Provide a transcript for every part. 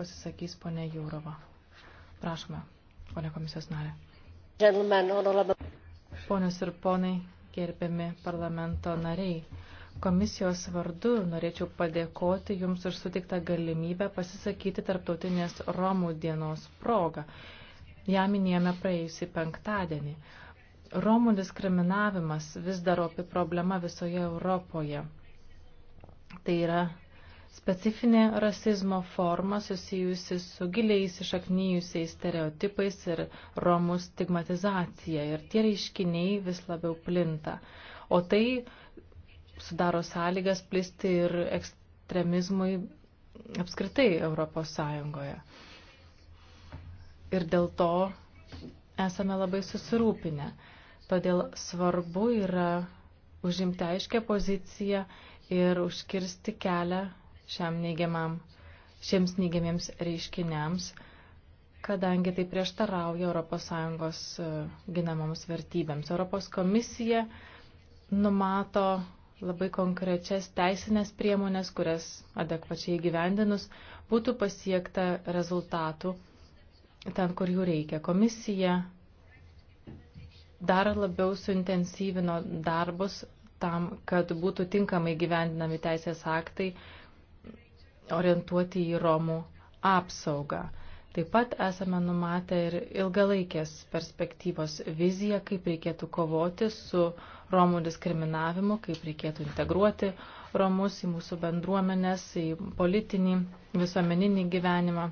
pasisakys ponė Jūrova. Prašome, ponė komisijos narė. Ponios ir ponai, gerbiami parlamento nariai, komisijos vardu norėčiau padėkoti Jums už sutiktą galimybę pasisakyti tarptautinės Romų dienos progą. Ja minėjome praėjusį penktadienį. Romų diskriminavimas vis dar opi problema visoje Europoje. Tai yra specifinė rasizmo forma susijusi su giliai įsišaknyjusiais stereotipais ir romų stigmatizacija. Ir tie reiškiniai vis labiau plinta. O tai sudaro sąlygas plisti ir ekstremizmui apskritai Europos Sąjungoje. Ir dėl to esame labai susirūpinę. Todėl svarbu yra užimti aiškę poziciją ir užkirsti kelią šiam neigiamam, šiems neigiamiems reiškiniams, kadangi tai prieštarauja ES e, ginamoms vertybėms. Europos komisija numato labai konkrečias teisinės priemonės, kurias adekvačiai gyvendinus būtų pasiekta rezultatų ten, kur jų reikia. Komisija dar labiau suintensyvino darbus tam, kad būtų tinkamai gyvendinami teisės aktai orientuoti į Romų apsaugą. Taip pat esame numatę ir ilgalaikės perspektyvos viziją, kaip reikėtų kovoti su Romų diskriminavimu, kaip reikėtų integruoti Romus į mūsų bendruomenės, į politinį, visuomeninį gyvenimą.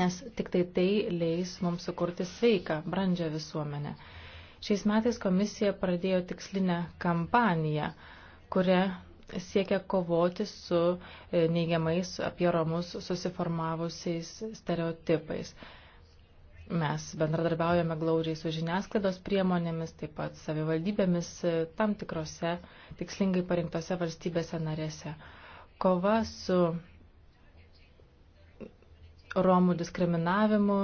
Nes tik tai tai leis mums sukurti sveiką, brandžią visuomenę. Šiais metais komisija pradėjo tikslinę kampaniją, kuria siekia kovoti su e, neigiamais apie romus susiformavusiais stereotipais. Mes bendradarbiaujame glaudžiai su žiniasklaidos priemonėmis, taip pat savivaldybėmis e, tam tikrose tikslingai parinktose valstybėse narėse. Kova su Romų diskriminavimu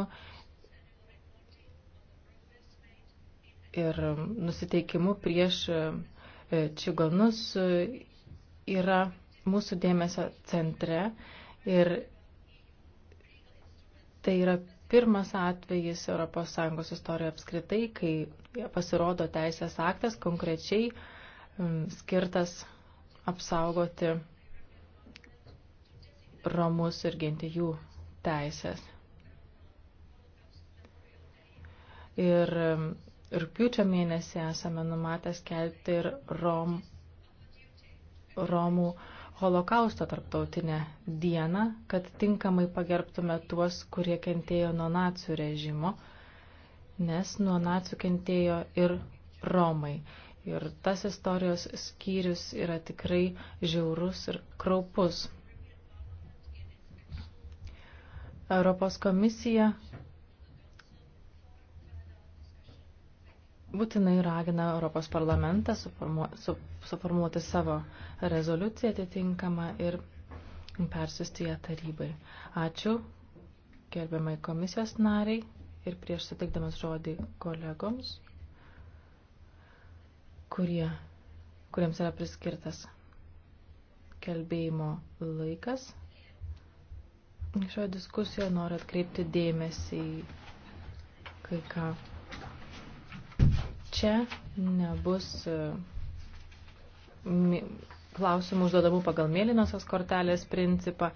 ir nusiteikimu prieš e, čigonus yra mūsų dėmesio centre ir tai yra pirmas atvejis ES istorijoje apskritai, kai pasirodo teisės aktas konkrečiai mm, skirtas apsaugoti romus ir ginti jų teisės. Ir mm, rūpiučio mėnesį esame numatę skelbti ir rom, Romų holokausto tarptautinę dieną, kad tinkamai pagerbtume tuos, kurie kentėjo nuo nacių režimo, nes nuo nacių kentėjo ir Romai. Ir tas istorijos skyrius yra tikrai žiaurus ir kraupus. Europos komisija būtinai ragina Europos parlamentą suformu, su, suformuoti savo rezoliuciją atitinkamą ir persiusti ją tarybai. Ačiū gerbiamai komisijos nariai ir prieš sutikdamas žodį kolegoms, kurie, kuriems yra priskirtas kalbėjimo laikas. Šioje diskusijoje noriu atkreipti dėmesį į kai ką. Čia nebus e, klausimų užduodamų pagal mėlynosios kortelės principą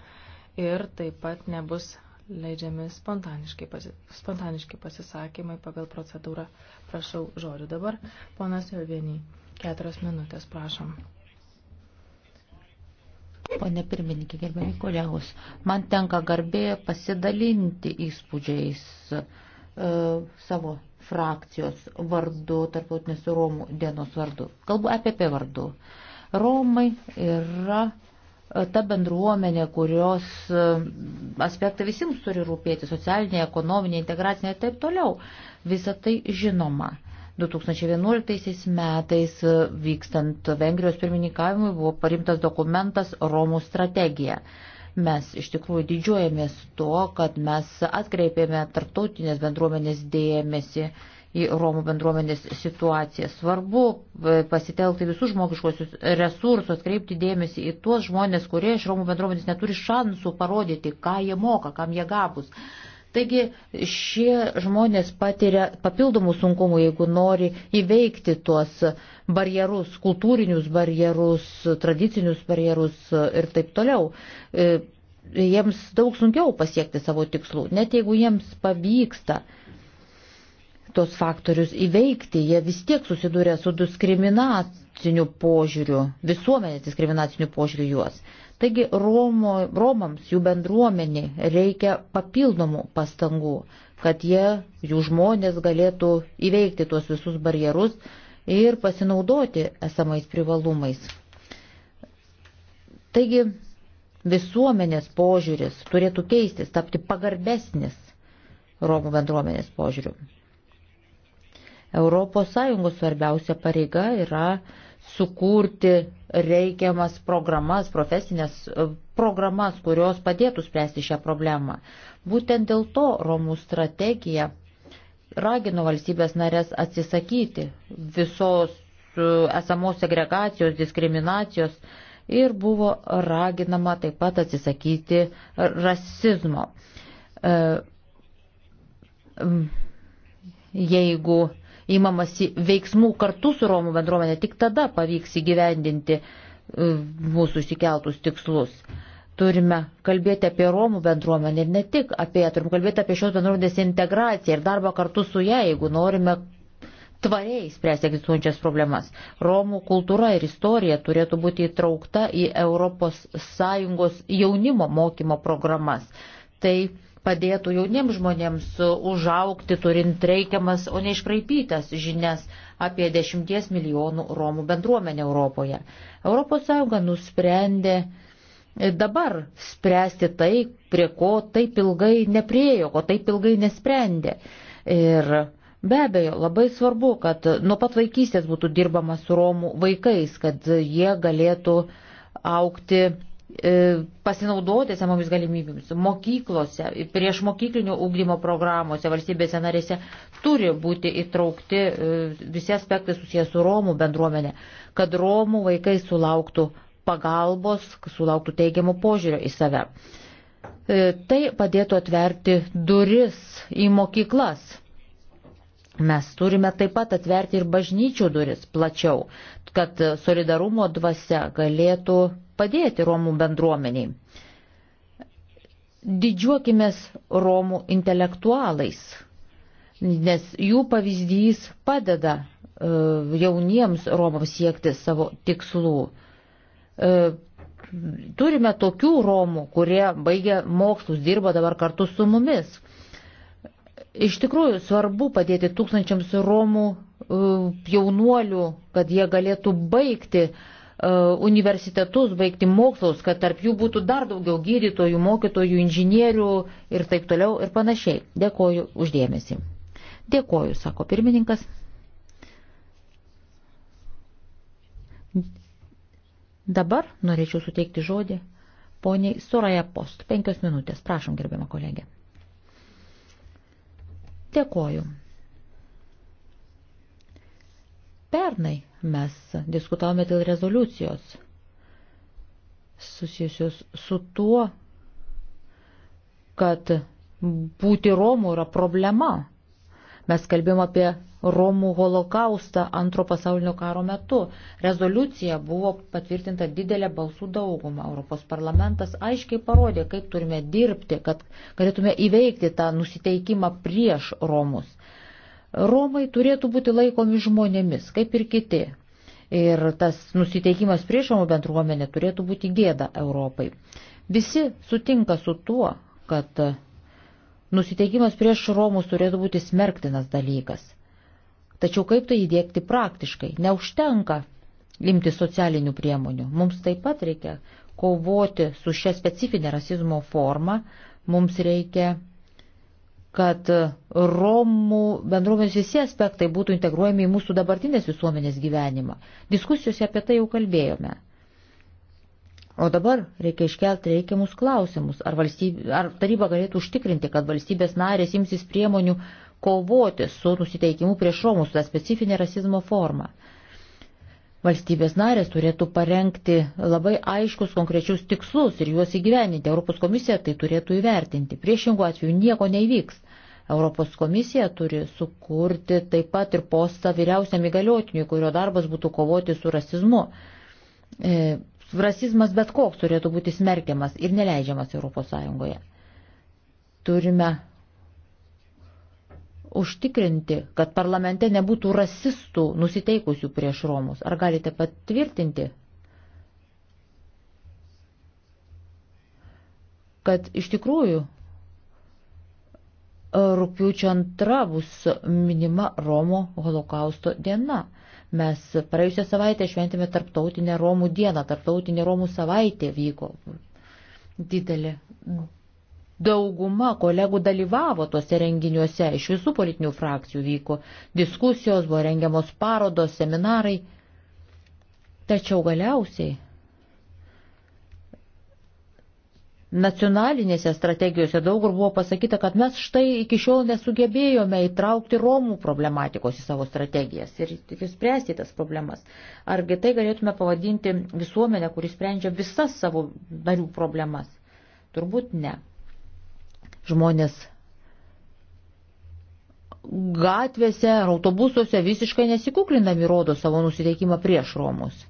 ir taip pat nebus leidžiami spontaniški, pasi, spontaniški pasisakymai pagal procedūrą. Prašau žodžių dabar. Ponas Jovieniai, keturios minutės, prašom. Pone pirmininkė, gerbėjai kolegos, man tenka garbė pasidalinti įspūdžiais e, savo frakcijos vardu, tarptautinės Romų dienos vardu. Kalbu apie apie vardu. Romai yra e, ta bendruomenė, kurios e, aspektą visiems turi rūpėti - socialinė, ekonominė, integracinė ir taip toliau. Visą tai žinoma. 2011 metais e, vykstant Vengrijos pirmininkavimui buvo parimtas dokumentas Romų strategija. Mes iš tikrųjų didžiuojamės tuo, kad mes atkreipėme tarptautinės bendruomenės dėmesį į Romų bendruomenės situaciją. Svarbu e, pasitelkti visus žmogiškosius resursus, kreipti dėmesį į tuos žmonės, kurie iš Romų bendruomenės neturi šansų parodyti, ką jie moka, kam jie gabus. Taigi šie žmonės patiria papildomų sunkumų, jeigu nori įveikti tuos barjerus, kultūrinius barjerus, tradicinius barjerus ir taip toliau. E, jiems daug sunkiau pasiekti savo tikslų, net jeigu jiems pavyksta tos faktorius įveikti, jie vis tiek susiduria su diskriminaciniu požiūriu, visuomenės diskriminaciniu požiūriu juos. Taigi Romo, Romams, jų bendruomenį reikia papildomų pastangų, kad jie, jų žmonės galėtų įveikti tuos visus barjerus ir pasinaudoti esamais privalumais. Taigi visuomenės požiūris turėtų keistis, tapti pagarbesnis Romų bendruomenės požiūriu. ES svarbiausia pareiga yra sukurti reikiamas programas, profesinės e, programas, kurios padėtų spręsti šią problemą. Būtent dėl to Romų strategija ragino valstybės narės atsisakyti visos e, esamos segregacijos, diskriminacijos ir buvo raginama taip pat atsisakyti rasizmo. E, jeigu įmamasi veiksmų kartu su Romų bendruomenė, tik tada pavyks įgyvendinti e, mūsų išsikeltus tikslus. Turime kalbėti apie Romų bendruomenę ir ne tik apie ją, turime kalbėti apie šios bendruomenės integraciją ir darbą kartu su ją, jeigu norime tvariai spręsti egzistuojančias problemas. Romų kultūra ir istorija turėtų būti įtraukta į ES jaunimo mokymo programas. Tai padėtų jauniems žmonėms užaukti turint reikiamas, o ne iškraipytas žinias apie 10 milijonų Romų bendruomenę Europoje. ES nusprendė dabar spręsti tai, prie ko taip ilgai nepriejo, ko taip ilgai nesprendė. Ir Be abejo, labai svarbu, kad nuo pat vaikystės būtų dirbama su Romų vaikais, kad jie galėtų aukti E, pasinaudoti samomis galimybėmis. Mokyklose, prieš mokyklinio ūkdymo programuose valstybėse narėse turi būti įtraukti e, visi aspektai susijęs su Romų bendruomenė, kad Romų vaikai sulauktų pagalbos, sulauktų teigiamų požiūrio į save. E, tai padėtų atverti duris į mokyklas. Mes turime taip pat atverti ir bažnyčių duris plačiau, kad solidarumo dvasia galėtų padėti Romų bendruomeniai. Didžiuokimės Romų intelektualais, nes jų pavyzdys padeda e, jauniems Romams siekti savo tikslų. E, turime tokių Romų, kurie baigia mokslus, dirba dabar kartu su mumis. Iš tikrųjų svarbu padėti tūkstančiams Romų e, jaunuolių, kad jie galėtų baigti uh, E, universitetus, baigti mokslus, kad tarp jų būtų dar daugiau gydytojų, mokytojų, inžinierių ir taip toliau ir panašiai. Dėkoju uždėmesi. Dėkoju, sako pirmininkas. Dabar norėčiau suteikti žodį poniai Soraja Post. Penkios minutės. Prašom, gerbiama kolegė. Dėkoju. Pernai mes diskutavome dėl rezoliucijos susijusios su tuo, kad būti Romų yra problema. Mes kalbėjom apie Romų holokaustą antro pasaulinio karo metu. Rezoliucija buvo patvirtinta didelė balsų dauguma. Europos parlamentas aiškiai parodė, kaip turime dirbti, kad galėtume įveikti tą nusiteikimą prieš Romus. Romai turėtų būti laikomi žmonėmis, kaip ir kiti. Ir tas nusiteikimas prieš Romų bendruomenę turėtų būti gėda Europai. Visi sutinka su tuo, kad nusiteikimas prieš Romus turėtų būti smerktinas dalykas. Tačiau kaip tai įdėkti praktiškai? Neužtenka imti socialinių priemonių. Mums taip pat reikia kovoti su šia specifinė rasizmo forma, mums reikia kad Romų bendruomenės visi aspektai būtų integruojami į mūsų dabartinės visuomenės gyvenimą. Diskusijose apie tai jau kalbėjome. O dabar reikia iškelti reikiamus klausimus, ar, valstybė, ar taryba galėtų užtikrinti, kad valstybės narės imsis priemonių kovoti su nusiteikimu prieš Romus, tą specifinę rasizmo formą. Valstybės narės turėtų parengti labai aiškus konkrečius tikslus ir juos įgyveninti. Europos komisija tai turėtų įvertinti. Priešingų atveju nieko nevyks. Europos komisija turi sukurti taip pat ir postą vyriausiam įgaliotiniui, kurio darbas būtų kovoti su rasizmu. E, rasizmas bet koks turėtų būti smerkiamas ir neleidžiamas Europos Sąjungoje. Turime užtikrinti, kad parlamente nebūtų rasistų nusiteikusių prieš Romus. Ar galite patvirtinti, kad iš tikrųjų Rūpiučio antra bus minima Romo holokausto diena. Mes praėjusią savaitę šventėme Tarptautinę Romų dieną, Tarptautinė Romų savaitė vyko. Didelė dauguma kolegų dalyvavo tuose renginiuose, iš visų politinių frakcijų vyko diskusijos, buvo rengiamos parodos, seminarai. Tačiau galiausiai Nacionalinėse strategijose daug kur buvo pasakyta, kad mes štai iki šiol nesugebėjome įtraukti Romų problematikos į savo strategijas ir spręsti tas problemas. Argi tai galėtume pavadinti visuomenę, kuris sprendžia visas savo narių problemas? Turbūt ne. Žmonės gatvėse ar autobusuose visiškai nesikuklinami rodo savo nusiteikimą prieš Romus.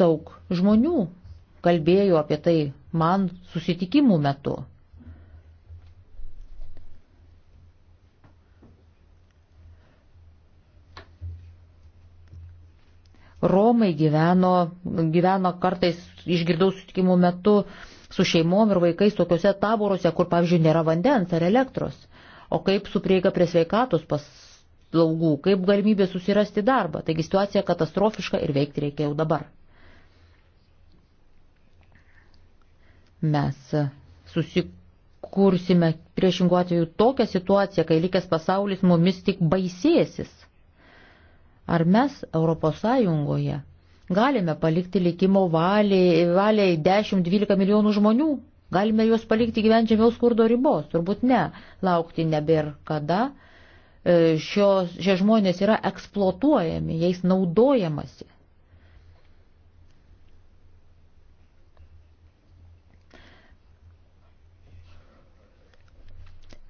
Daug žmonių kalbėjo apie tai man susitikimų metu. Romai gyveno, gyveno kartais, išgirdau sutikimų metu, su šeimom ir vaikais tokiuose taboruose, kur, pavyzdžiui, nėra vandens ar elektros. O kaip su prieiga prie sveikatos paslaugų, kaip galimybė susirasti darbą. Taigi situacija katastrofiška ir veikti reikia jau dabar. mes susikursime priešingų atveju tokią situaciją, kai likęs pasaulis mumis tik baisėsis. Ar mes ES galime palikti likimo valiai, valiai 10-12 milijonų žmonių? Galime juos palikti gyvenčiamiau skurdo ribos? Turbūt ne. Laukti nebėra kada. E, šios, šie žmonės yra eksploatuojami, jais naudojamasi.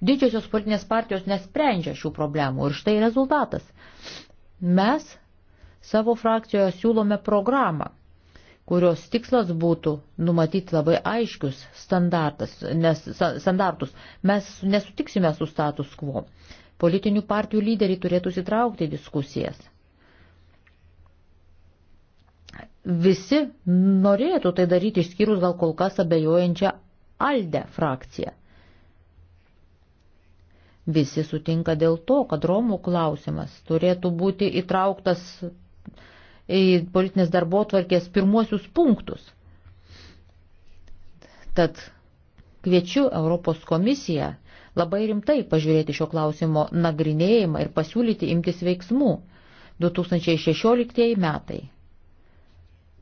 Didžiosios politinės partijos nesprendžia šių problemų ir štai rezultatas. Mes savo frakcijoje siūlome programą, kurios tikslas būtų numatyti labai aiškius nes, standartus. Mes nesutiksime su status quo. Politinių partijų lyderiai turėtų sitraukti diskusijas. Visi norėtų tai daryti išskyrus gal kol kas abejojančią Alde frakciją. Visi sutinka dėl to, kad Romų klausimas turėtų būti įtrauktas į politinės darbo tvarkės pirmuosius punktus. Tad kviečiu Europos komisiją labai rimtai pažiūrėti šio klausimo nagrinėjimą ir pasiūlyti imtis veiksmų. 2016 metai.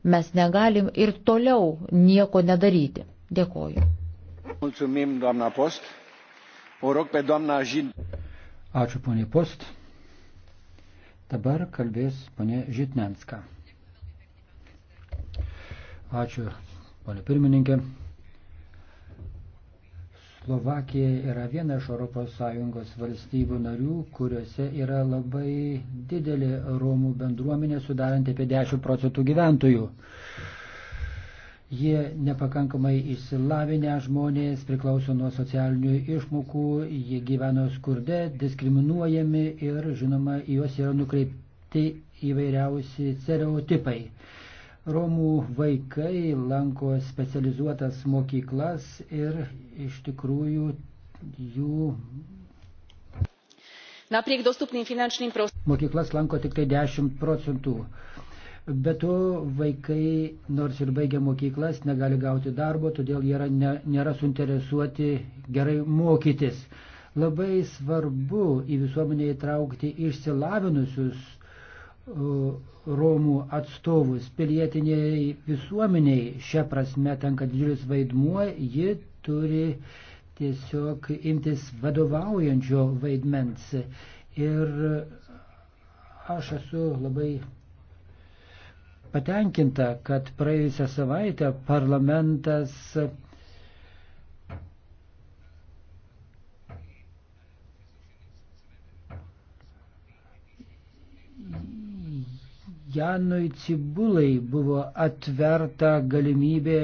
Mes negalim ir toliau nieko nedaryti. Dėkoju. Mulțumim, doamna Post. O rog pe doamna Žin. Ačiū, ponė Post. Dabar kalbės ponė Žitnenska. Ačiū, ponė pirmininkė. Slovakija yra viena iš ES valstybių narių, kuriuose yra labai didelė Romų bendruomenė, sudaranti apie 10 procentų gyventojų. Jie nepakankamai išsilavinę žmonės priklauso nuo socialinių išmokų, jie gyveno skurde, diskriminuojami ir, žinoma, juos yra nukreipti įvairiausi stereotipai. Romų vaikai lanko specializuotas mokyklas ir iš tikrųjų jų. Napriek dostupným finančným prostriedkom. Mokyklas lanko tik tai 10 procentų. Be to vaikai, nors ir baigia mokyklas, negali gauti darbo, todėl jie yra, ne, nėra suinteresuoti gerai mokytis. Labai svarbu į visuomenę įtraukti išsilavinusius Romų atstovus. Pilietiniai visuomeniai šią prasme tenka didžiulis vaidmuo, ji turi tiesiog imtis vadovaujančio vaidmens. Ir aš esu labai patenkinta, kad praėjusią savaitę parlamentas Janui Cibulai buvo atverta galimybė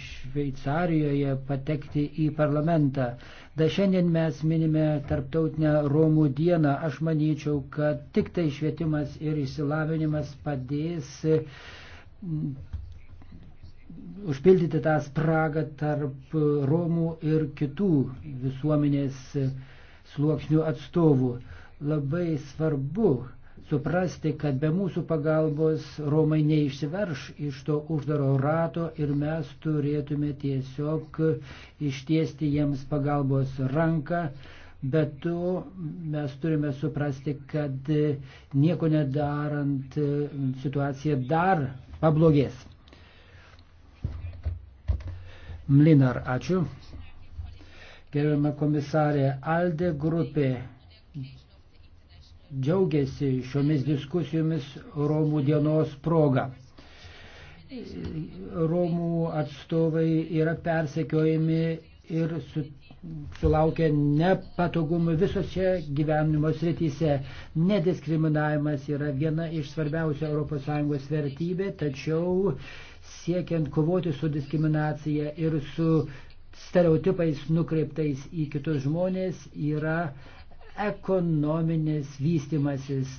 Šveicarijoje patekti į parlamentą. Dar šiandien mes minime Tarptautinę Romų dieną. Aš manyčiau, kad tik tai švietimas ir išsilavinimas padės mm, užpildyti tą spragą tarp Romų ir kitų visuomenės sluoksnių atstovų. Labai svarbu, suprasti, kad be mūsų pagalbos Romai neišsiverš iš to uždaro rato ir mes turėtume tiesiog ištiesti jiems pagalbos ranką, bet tu mes turime suprasti, kad nieko nedarant situacija dar pablogės. Mlinar, ačiū. Gerbiama komisarė, Alde grupė džiaugiasi šiomis diskusijomis Romų dienos proga. Romų atstovai yra persekiojami ir su, sulaukia nepatogumų visose gyvenimo srityse. Nediskriminavimas yra viena iš svarbiausių ES vertybė, tačiau siekiant kovoti su diskriminacija ir su stereotipais nukreiptais į kitus žmonės yra uh, ekonominis vystimasis.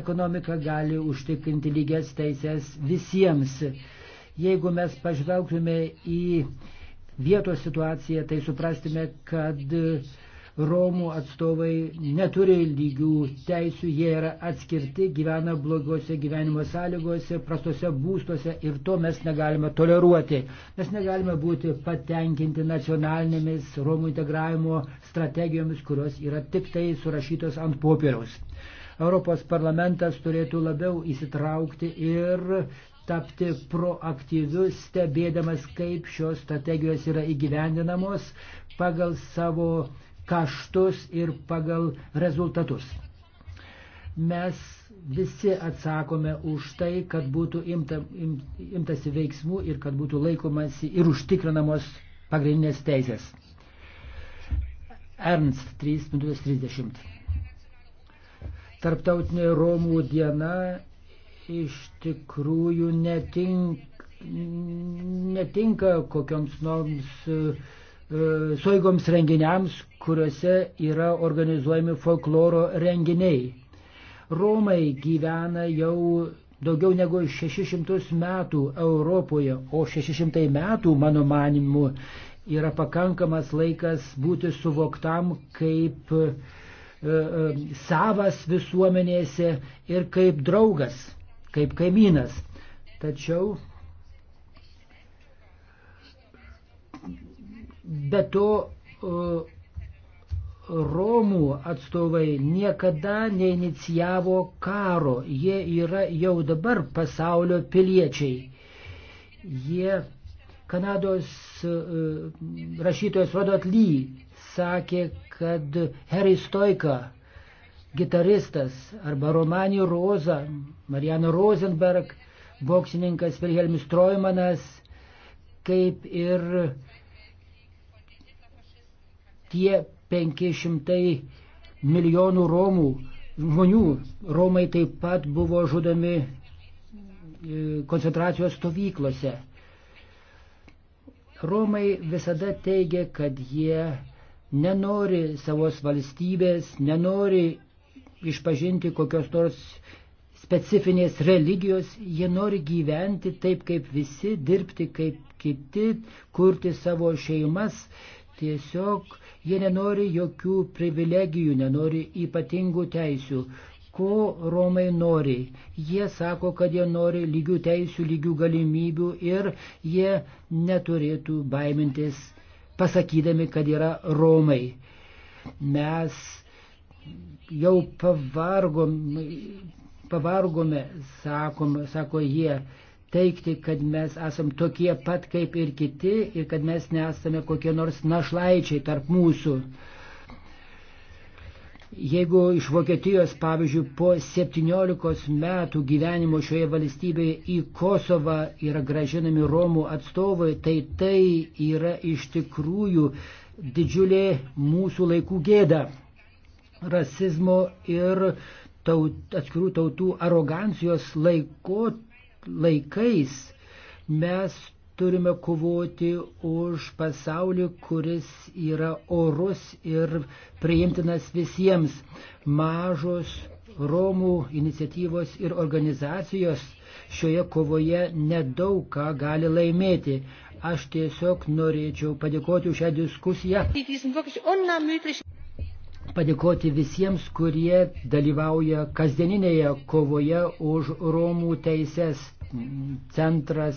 Ekonomika gali užtikrinti lygias teisės visiems. Jeigu mes pažvelgtume į vietos situaciją, tai suprastume, kad uh, Romų atstovai neturi lygių teisų, jie yra atskirti, gyvena blogose gyvenimo sąlygose, prastose būstuose ir to mes negalime toleruoti. Mes negalime būti patenkinti nacionalinėmis Romų integravimo strategijomis, kurios yra tik tai surašytos ant popieriaus. Europos parlamentas turėtų labiau įsitraukti ir tapti proaktyviu, stebėdamas, kaip šios strategijos yra įgyvendinamos pagal savo kaštus ir pagal rezultatus. Mes visi atsakome už tai, kad būtų imta, im, imtasi veiksmų ir kad būtų laikomasi ir užtikrinamos pagrindinės teisės. Ernst 3.30. Tarptautinė Romų diena iš tikrųjų netink, netinka kokioms noms uh, E, suoigoms renginiams, kuriuose yra organizuojami folkloro renginiai. Romai gyvena jau daugiau negu 600 metų Europoje, o 600 metų, mano manimu, yra pakankamas laikas būti suvoktam kaip e, e, savas visuomenėse ir kaip draugas, kaip kaimynas. Tačiau Be to, e, Romų atstovai niekada neinicijavo karo, jie yra jau dabar pasaulio piliečiai. Jie Kanados e, rašytojas Rodot Lee sakė, kad Harry Stoika, gitaristas arba Romanio Roza, Mariano Rosenberg, boksininkas Vilhelmis Troimanas, kaip ir tie 500 milijonų Romų žmonių. Romai taip pat buvo žudomi e, koncentracijos stovyklose. Romai visada teigia, kad jie nenori savos valstybės, nenori išpažinti kokios nors specifinės religijos, jie nori gyventi taip kaip visi, dirbti kaip kiti, kurti savo šeimas, Tiesiog jie nenori jokių privilegijų, nenori ypatingų teisių. Ko Romai nori? Jie sako, kad jie nori lygių teisių, lygių galimybių ir jie neturėtų baimintis pasakydami, kad yra Romai. Mes jau pavargom, pavargome, sakom, sako jie, teikti, kad mes esam tokie pat kaip ir kiti ir kad mes nesame kokie nors našlaičiai tarp mūsų. Jeigu iš Vokietijos, pavyzdžiui, po 17 metų gyvenimo šioje valstybėje į Kosovą yra gražinami Romų atstovai, tai tai yra iš tikrųjų didžiulė mūsų laikų gėda. Rasizmo ir taut, atskirų tautų arogancijos laiko laikais mes turime kovoti už pasaulį, kuris yra orus ir priimtinas visiems. Mažos Romų iniciatyvos ir organizacijos šioje kovoje nedaug ką gali laimėti. Aš tiesiog norėčiau padėkoti už šią diskusiją padėkoti visiems, kurie dalyvauja kasdieninėje kovoje už Romų teises. Centras,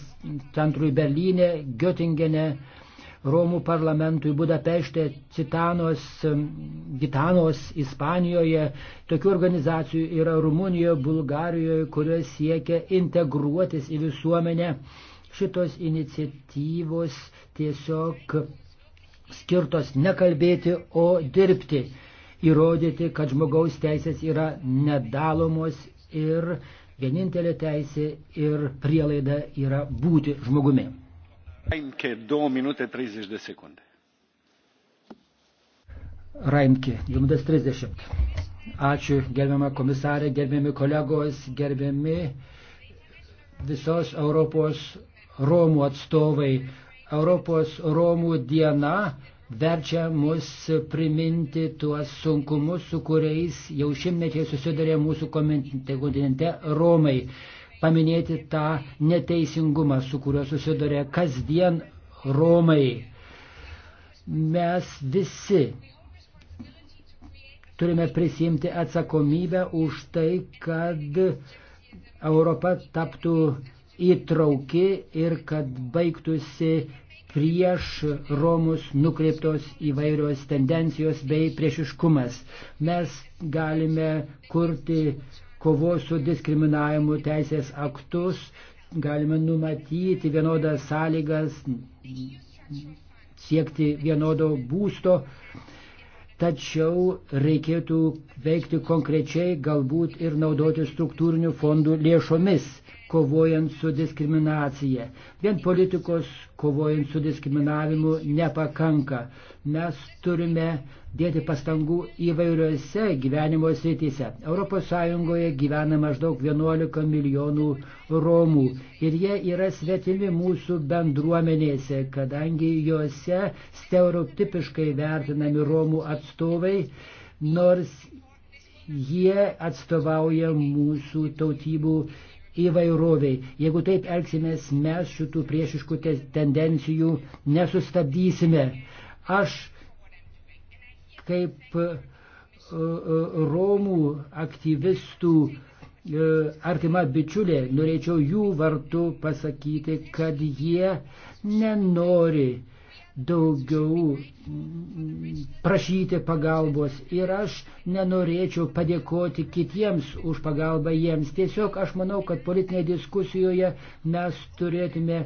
centrui Berlyne, Göttingene, Romų parlamentui Budapešte, Citanos, Gitanos, Ispanijoje. Tokių organizacijų yra Rumunijoje, Bulgarijoje, kurios siekia integruotis į visuomenę. Šitos iniciatyvos tiesiog skirtos nekalbėti, o dirbti įrodyti, kad žmogaus teisės yra nedalomos ir vienintelė teisė ir prielaida yra būti žmogumi. Raimki, jums 30. Ačiū, gerbiama komisarė, gerbiami kolegos, gerbiami visos Europos Romų atstovai. Europos Romų diena verčia mus priminti tuos sunkumus, su kuriais jau šimtmečiai susidarė mūsų tai kontinente Romai. Paminėti tą neteisingumą, su kuriuo susidarė kasdien Romai. Mes visi turime prisimti atsakomybę už tai, kad Europa taptų įtrauki ir kad baigtųsi prieš Romus nukreiptos įvairios tendencijos bei priešiškumas. Mes galime kurti kovos su diskriminavimu teisės aktus, galime numatyti vienodas sąlygas, siekti vienodo būsto, tačiau reikėtų veikti konkrečiai, galbūt ir naudoti struktūrinių fondų lėšomis kovojant su diskriminacija. Vien politikos kovojant su diskriminavimu nepakanka. Mes turime dėti pastangų įvairiose gyvenimo srityse. ES gyvena maždaug 11 milijonų Romų ir jie yra svetimi mūsų bendruomenėse, kadangi juose stereotipiškai vertinami Romų atstovai, nors jie atstovauja mūsų tautybių įvairoviai. Jeigu taip elgsimės, mes šitų priešiškų tendencijų nesustabdysime. Aš kaip e, e, Romų aktyvistų e, artima bičiulė, norėčiau jų vartų pasakyti, kad jie nenori daugiau prašyti pagalbos ir aš nenorėčiau padėkoti kitiems už pagalbą jiems. Tiesiog aš manau, kad politinėje diskusijoje mes turėtume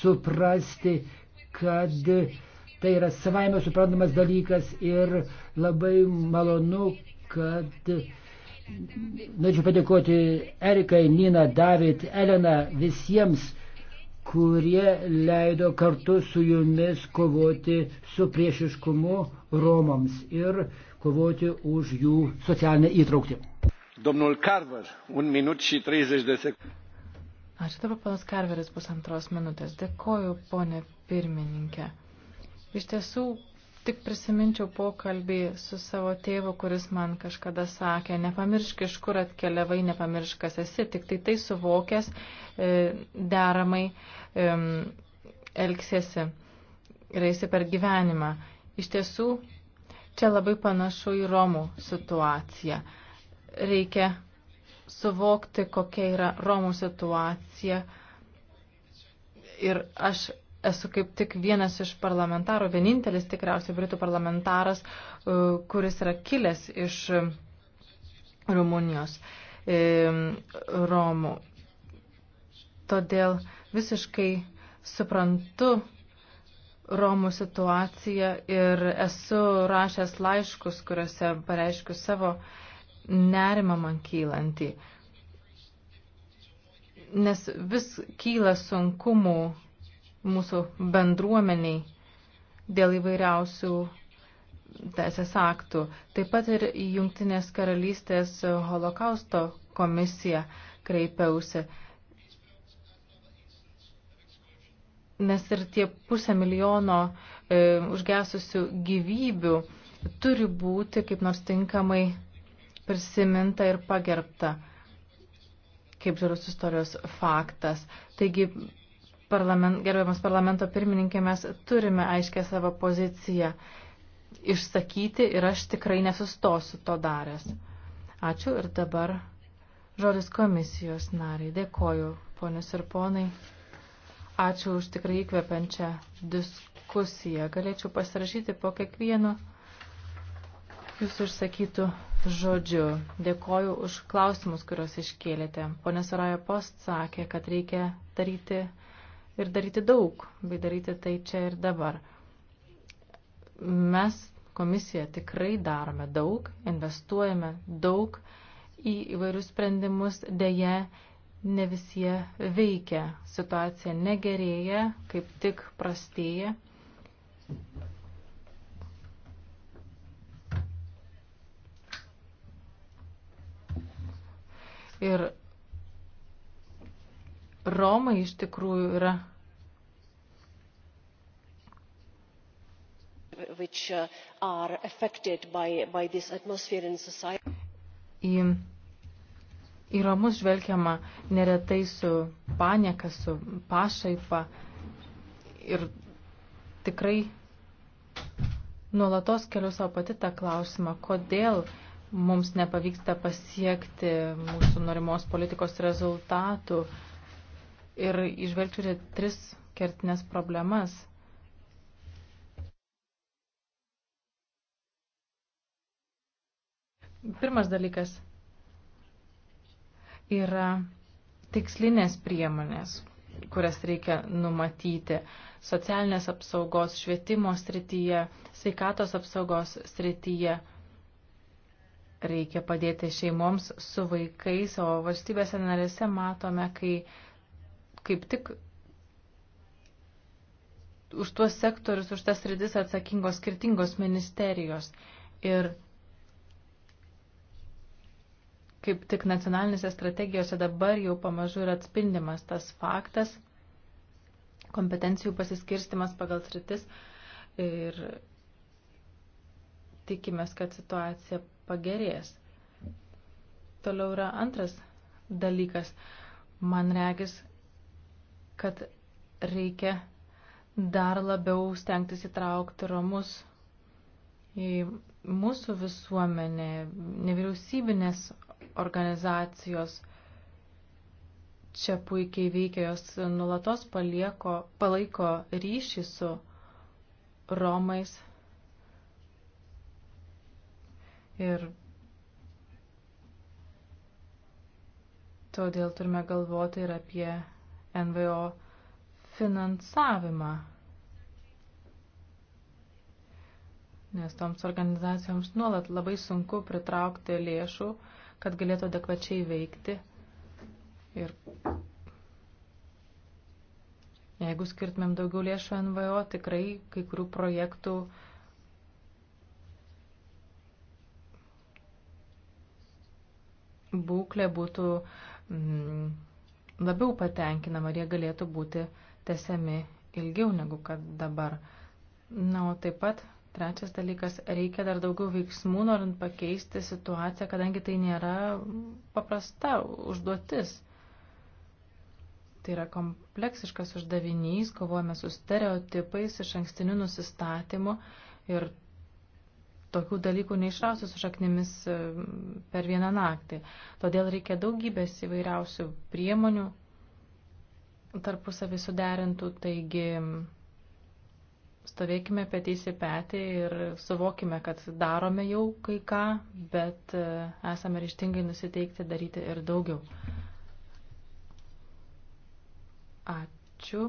suprasti, kad tai yra savaime suprantamas dalykas ir labai malonu, kad norėčiau padėkoti Erikai, Nina, David, Elena, visiems kurie leido kartu su jumis kovoti su priešiškumu Romams ir kovoti už jų socialinę įtraukti. Domnul Carver, un minut și 30 de secunde. Ačiū dabar, panas Karveris, pusantros minutės. Dėkoju, ponė pirmininkė. Iš tiesų, Tik prisiminčiau pokalbį su savo tėvu, kuris man kažkada sakė, nepamiršk iš kur atkeliavai, nepamiršk kas esi, tik tai tai suvokęs e, deramai e, elgsėsi ir eisi per gyvenimą. Iš tiesų, čia labai panašu į Romų situaciją. Reikia suvokti, kokia yra Romų situacija. Ir aš esu kaip tik vienas iš parlamentarų, vienintelis tikriausiai Britų parlamentaras, e, kuris yra kilęs iš e, Rumunijos e, Romų. Todėl visiškai suprantu Romų situaciją ir esu rašęs laiškus, kuriuose pareiškiu savo nerimą man kylantį. Nes vis kyla sunkumų mūsų bendruomeniai dėl įvairiausių teisės aktų. Taip pat ir Jungtinės karalystės holokausto komisija kreipiausi. Nes ir tie pusę milijono e, užgesusių gyvybių turi būti kaip nors tinkamai prisiminta ir pagerbta kaip žiaurus istorijos faktas. Taigi parlament, gerbiamas parlamento pirmininkė, mes turime aiškę savo poziciją išsakyti ir aš tikrai nesustosiu to daręs. Ačiū ir dabar žodis komisijos nariai. Dėkoju, ponius ir ponai. Ačiū už tikrai įkvepiančią diskusiją. Galėčiau pasirašyti po kiekvienu jūsų išsakytų žodžiu. Dėkoju už klausimus, kuriuos iškėlėte. Pone Saraja Post sakė, kad reikia daryti ir daryti daug, bei daryti tai čia ir dabar. Mes komisija tikrai darome daug, investuojame daug į įvairius sprendimus, dėje ne visie veikia. Situacija negerėja, kaip tik prastėja. Ir Romai iš tikrųjų yra. which uh, are affected by, by this atmosphere in society. Į, į Romus žvelgiama neretai su panieka, su pašaipa ir tikrai nuolatos keliu savo pati tą klausimą, kodėl mums nepavyksta pasiekti mūsų norimos politikos rezultatų. Uh, ir išvelgčiau tris kertinės problemas. Pirmas dalykas yra tikslinės priemonės, kurias reikia numatyti socialinės apsaugos, švietimo srityje, sveikatos apsaugos srityje. Reikia padėti šeimoms su vaikais, o valstybėse narėse matome, kai kaip tik už tuos sektorius, už tas rytis atsakingos skirtingos ministerijos. Ir kaip tik nacionalinėse strategijose dabar jau pamažu yra atspindimas tas faktas, kompetencijų pasiskirstimas pagal sritis ir tikimės, kad situacija pagerės. Toliau yra antras dalykas. Man regis, kad reikia dar labiau stengtis įtraukti romus į mūsų visuomenę, nevyriausybinės organizacijos čia puikiai veikia, jos nulatos palieko, palaiko ryšį su Romais. Ir todėl turime galvoti ir apie NVO finansavimą. Nes toms organizacijoms nuolat labai sunku pritraukti lėšų, kad galėtų adekvačiai veikti. Ir jeigu skirtumėm daugiau lėšų NVO, tikrai kai kurių projektų būklė būtų mm, labiau patenkinama ir jie galėtų būti tesiami ilgiau negu kad dabar. Na, o taip pat trečias dalykas, reikia dar daugiau veiksmų, norint pakeisti situaciją, kadangi tai nėra paprasta užduotis. Tai yra kompleksiškas uždavinys, kovojame su stereotipais, iš ankstiniu nusistatymu ir tokių dalykų neišrausi su šaknimis e, per vieną naktį. Todėl reikia daugybės įvairiausių priemonių tarpusavį suderintų, taigi stovėkime petys į petį ir suvokime, kad darome jau kai ką, bet e, esame ryštingai nusiteikti daryti ir daugiau. Ačiū.